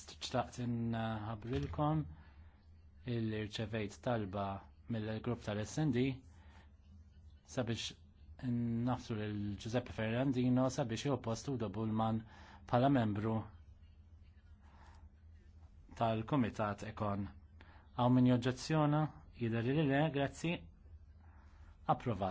stċtaqt nħabrilkom illi rċevejt talba mill-grupp tal-SND sabiex naftu l-Giuseppe Ferrandino sabiex jew postu Bulman bħala membru tal kumitat Ekon. Għaw min joġġezzjona jidher li le, grazzi, approvat.